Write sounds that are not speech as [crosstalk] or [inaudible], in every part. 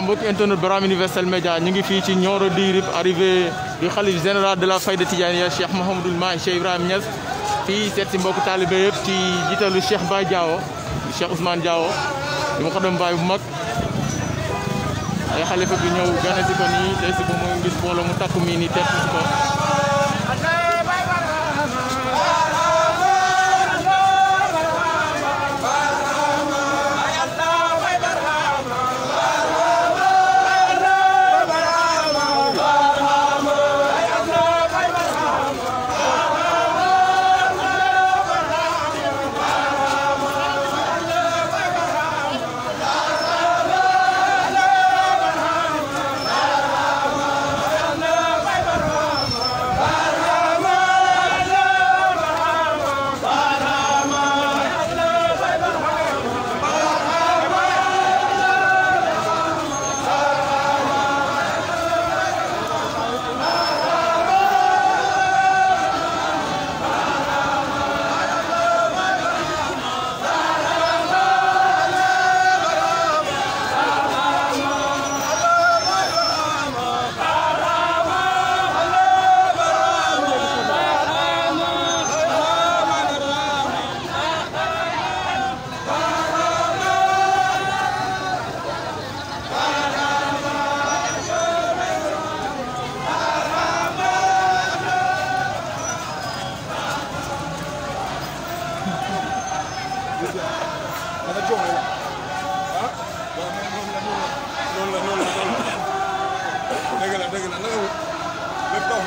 voilà mbokk internet Barham Universel Média ñu ngi fii ci Nioro di Rip arrivé du xalif général de la Fayda Tidianiya Cheikh Mouhamadoul Mahi Cheikh Ibrahima Niass fii seet mbokk taalibe ci jiitalu Cheikh Baye Diawo Cheikh Ousmane Diawo di ma baay bu mag ay xalifa bi ñëw gane si ko nii tey si ko mu takku mii nii teg si ko gis nga dafa jox la ah waaw mais la noonu la la noonu la dëgg la dëgg la naka wut lépp taw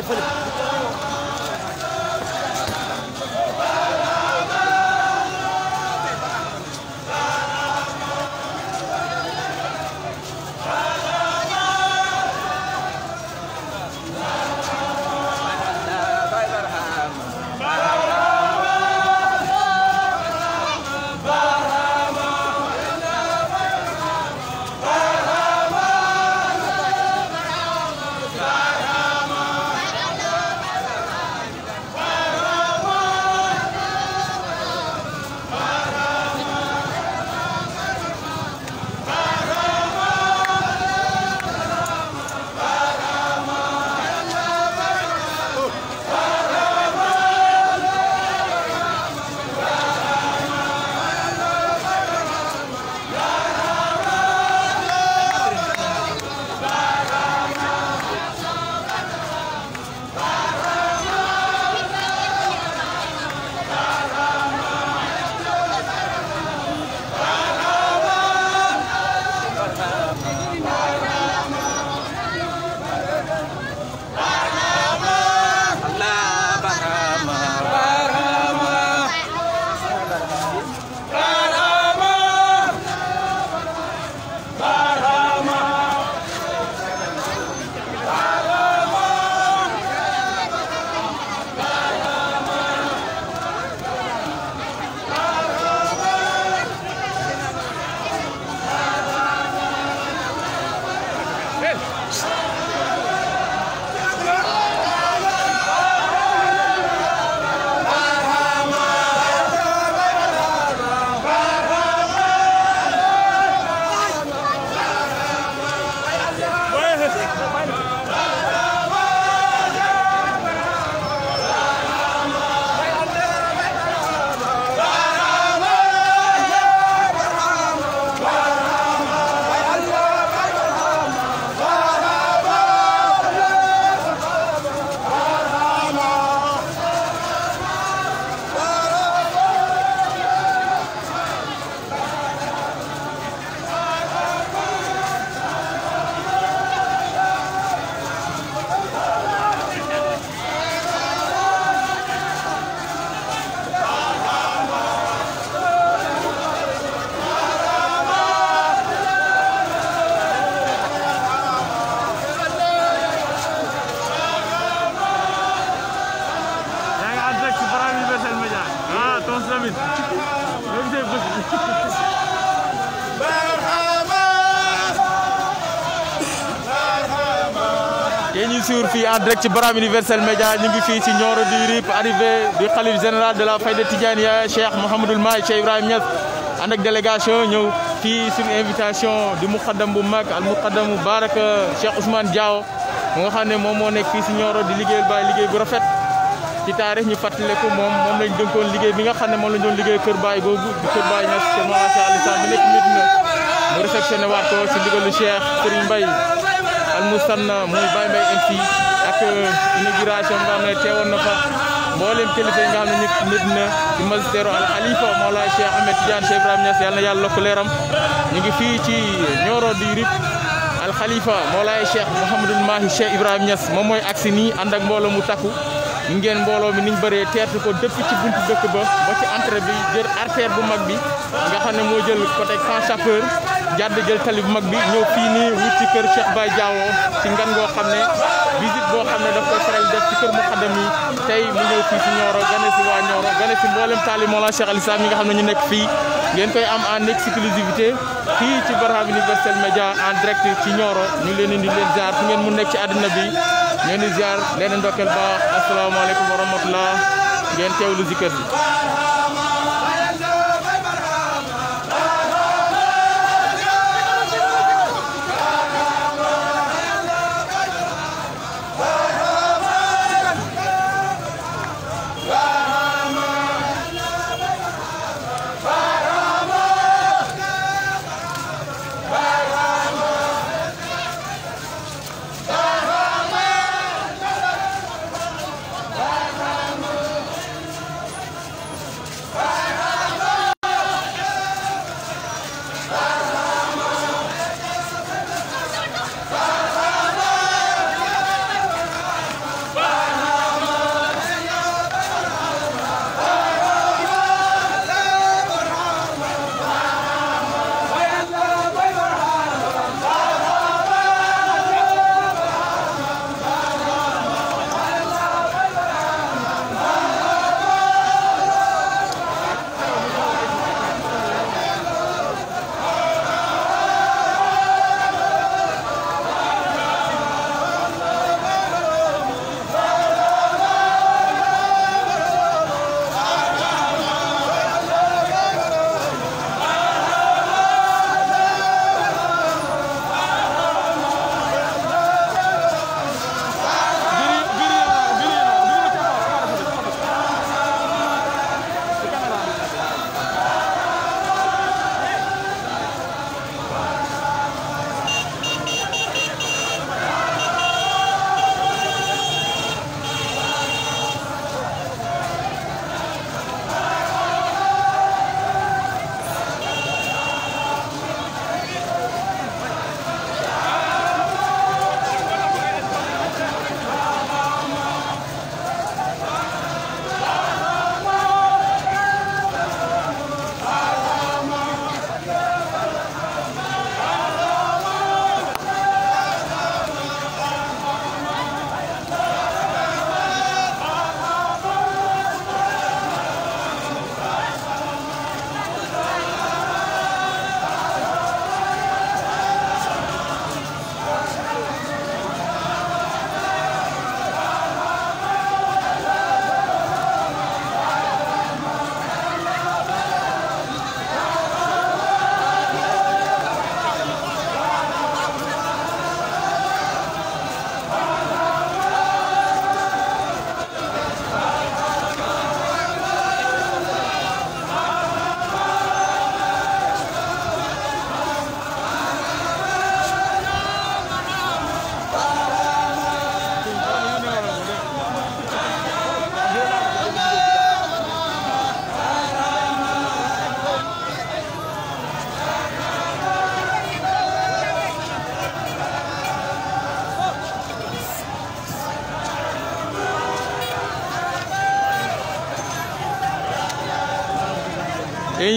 feex waaw Lamine yéen ñuy suivre fii en direct ci Barham Universel Média ñu ngi fii ci Nioro du Rip arrivé du khalife général de la Fayda Tidianiya Cheikh Mouhamadoul Mahi Cheikh Ibrahima Niass ànd ak délégation ñëw fii sur invitation du muqaddam bu mag al muqaddam bu baraka Cheikh Ousmane Diaw mu nga xam ne moom moo nekk fii ci Nioro di liggéeyal baay liggéey bu rafet. ci taarix ñu fàttaliku moom moom lañ dënkoon liggéey bi nga xam ne moom lañ doon liggéey kër baay googu kër baay ñas kër Maam Cheikh Alioune Sall bi nekk nit na mu réceptionné waat ko si ndigalu Cheikh Serigne Mbaye al Mousanna muy Baye Mbaye MC ak euh, inauguration nga xam ne teewoon na fa mboolem kilifa yi nga xam ne nit nit na ci al Khalifa Mawlaay Cheikh Ahmed Tidiane Cheikh Ibrahima Niass yàlla na yàlla leeram ñu ngi fii ci Nioro du Rip al Khalifa Mawlaay Cheikh Mouhamadul moom mooy agsi nii ànd ak mbooloo mu takku ngeen mbooloo mi niñ bëree teertu ko depuis ci buntu dëkk ba ba ci entrée bi jël artère bu mag bi nga xam ne moo jël côté Camp Sapeur jàdd jël tali bu mag bi ñoo fii ni wut ci kër Cheikh Baye Diawo ci ngan goo xam ne visite boo xam ne daf koy faral def ci kër Muqaddam yi tey mu ñëw fii ci Nioro gane si waa Nioro gane si mboolem taali Mawlana Cheikh Al Islam nga xam ne ñu nekk fii ngeen koy am en exclusivité fii ci Barham Universel Média en direct ci Nioro ñu leen di leen ziar fu ngeen mu nekk ci àddina bi ngeen di ziar leen asalaamaaleykum wa rahmatulah ngeen teewlu si kër gi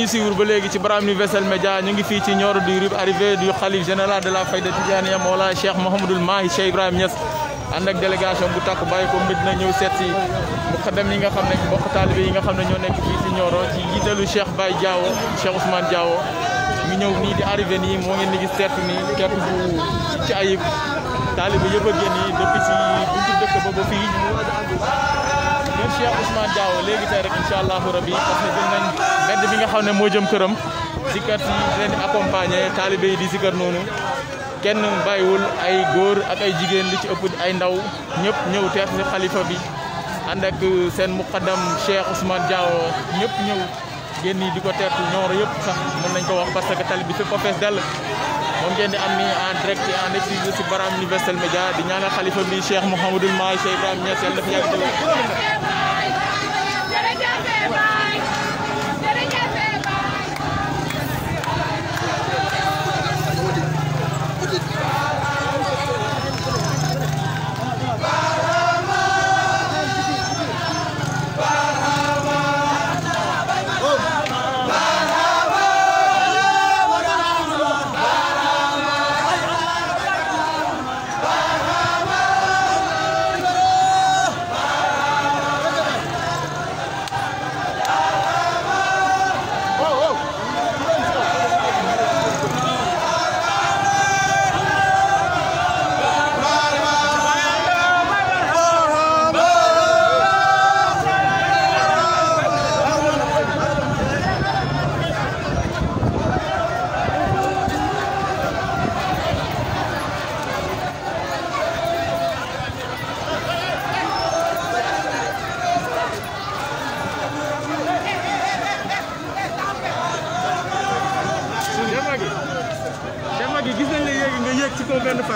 ñuy suivre ba léegi ci Barham Universel Média ñu ngi fii ci Nioro du Rip arrivé du khalife général de la Fayda Tidianiya Mawlana Cheikh Mouhamadoul Mahi Cheikh Ibrahim Niass ànd ak délégation bu tàkk bàyyi ko mbir na ñëw seet si muqaddam yi nga xam ne mbokk taalibe yi nga xam ne ñoo nekk fii ci Nioro ci jiitalu Cheikh Baye Diawo Cheikh Ousmane Diawo ñu ñëw nii di arrivé nii moo ngeen di gis teert nii teert bu ci ayib taalibe yëpp a génn yi depuis ci Cheikh Ousmane Diawo léegi tey rek incha allahu rabi parce que nañ mbedd bi nga xam ne moo jëm këram sikkat yi di leen di accompagner taalibe yi di sikkat noonu kenn bàyyiwul ay góor ak ay jigéen li ci ëpp ay ndaw ñëpp ñëw teex si xalifa bi ànd ak seen muqaddam Cheikh Ousmane Diawo ñëpp ñëw génn di ko teertu ñoor yëpp sax mën nañ ko wax parce que tali bi fépp a fees dell moom ngeen di am ni en direct en exclusif ci Barham Universel Média di ñaanal xalifa bi Cheikh Mouhamadul Mahi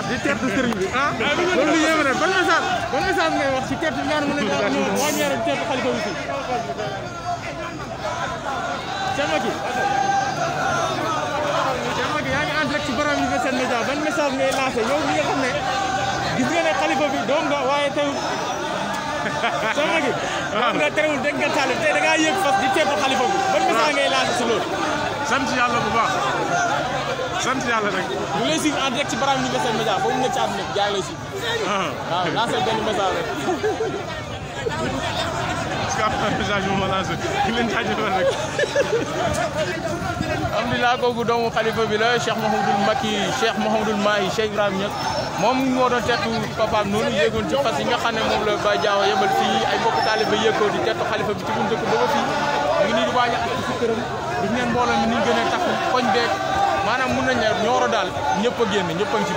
defar di teet sëriñ bi ah. loolu yéeme na ban message ban message ngay wax ci teet bi ñaan mën nañu daal ñëw wàññeeku teet xalifa bi Cheikh Macky Cheikh yaa ngi en direct ci borom bi seen média ban message ngay lancé yow mi nga ne gis nga xalifa bi doom waaye [laughs] tey Cheikh Macky. waaw nga xalifa bi ban message ngay lancé si loolu. sant yàlla bu baax sant yàlla rek. ñu lay suivre en direct ci Barham Universel Média foofu mu nekk ci àdduna bi gaa ngi lay suivre. Ah. waaw lancé benn message rek. parce que am na message bu ma lancé ñu leen jaajëfal rek. alhamdulilah kooku doomu xalifa bi la Cheikh Mouhamadul Macky Cheikh Mouhamadul Mahi Cheikh Ibrahim Niass moom moo doon teetu papaam noonu yéegoon ci fas yi nga xam ne moom la Baye Diaw yebal fii ay mbokk taalibe yéegoo di teetu xalifa bi ci buntu dëkk boobu fii mu ngi nii di waaj a ak ci këram. ngeen mbooloo mi ni ñu a takku koñ beeg maanaam mun nañ ne Nioro daal ñëpp a génn ñëpp a ngi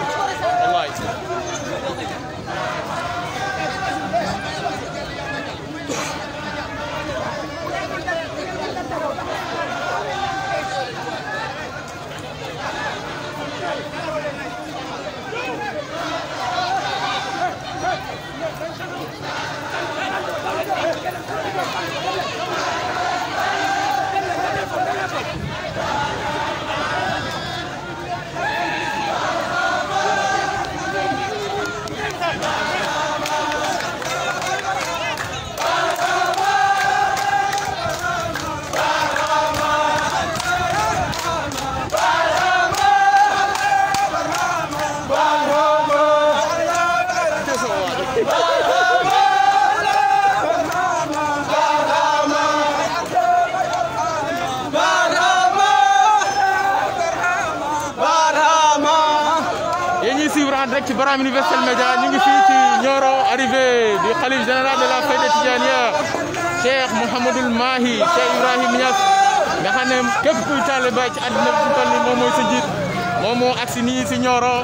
ci Barham Universel Média ñu ngi fii ci Nioro arrivé du khalife général de la Fayda Tidiania Cheikh Mouhamadoul Mahi Cheikh Ibrahim Niass nga xam ne képp kuy taalibe ci àddina bi toll nii moom mooy sa njiit moom moo agsi nii ci Nioro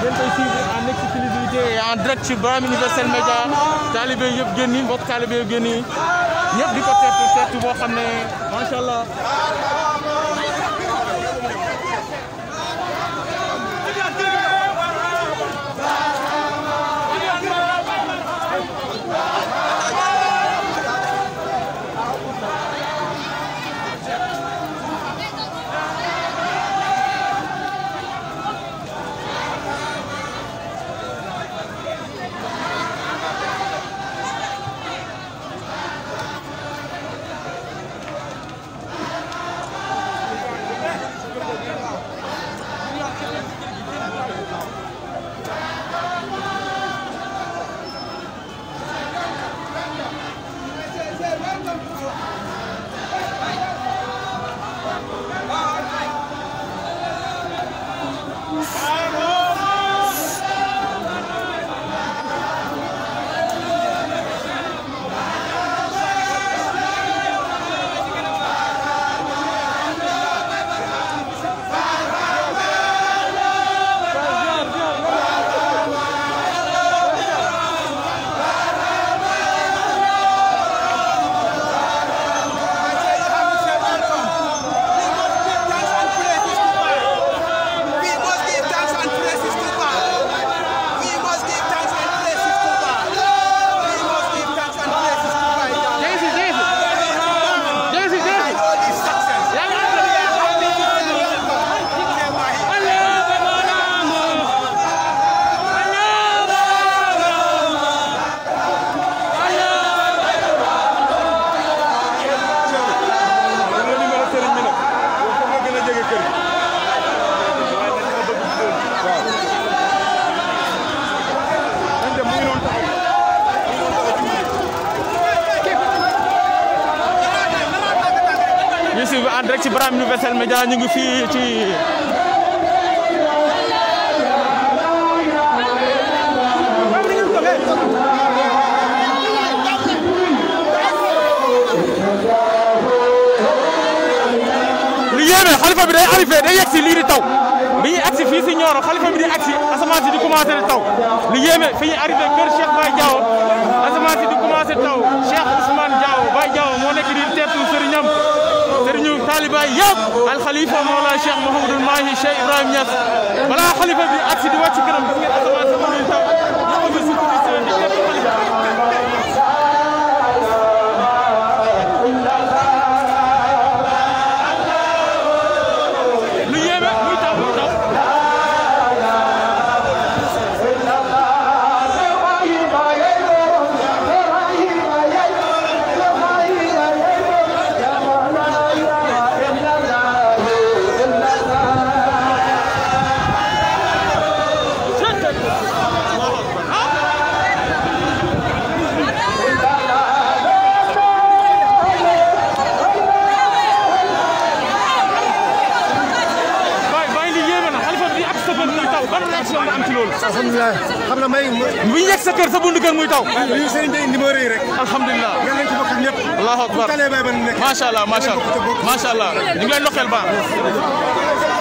ngeen koy suivre en exclusivité et en direct ci Barham Universel Média taalibe yëpp génn mbokk taalibe yëpp génn ñëpp di ko tepp tepp boo xam ne macha allah ci Brahim Universel Média ñu ngi fii ci lu yéeme xalifa bi day arrivé day yegsi lii di taw bi ñuy agsi fii si Nioro xalifa bi di agsi asamaan si di commencé di taw lu yéeme fi ñuy arrivé kër Cheikh Baye Diaw asamaan si di commencé taw Cheikh Ousmane Diaw Baye Diaw moo nekk di taalibaay yëpp alxalifa Mawlana Cheikh Mouhamadul Mahi Cheikh Ibrahima Niass balaa xalifa bi agsi di wàcc këram gis ngeen asamaan gën muy taw. lii sëriñ bi indi moo rëy rek. alhamdulilah yal nañ ci bokk ñëpp. allahu akbar macha allah macha allah macha allah ñu ngi leen loxeel baax.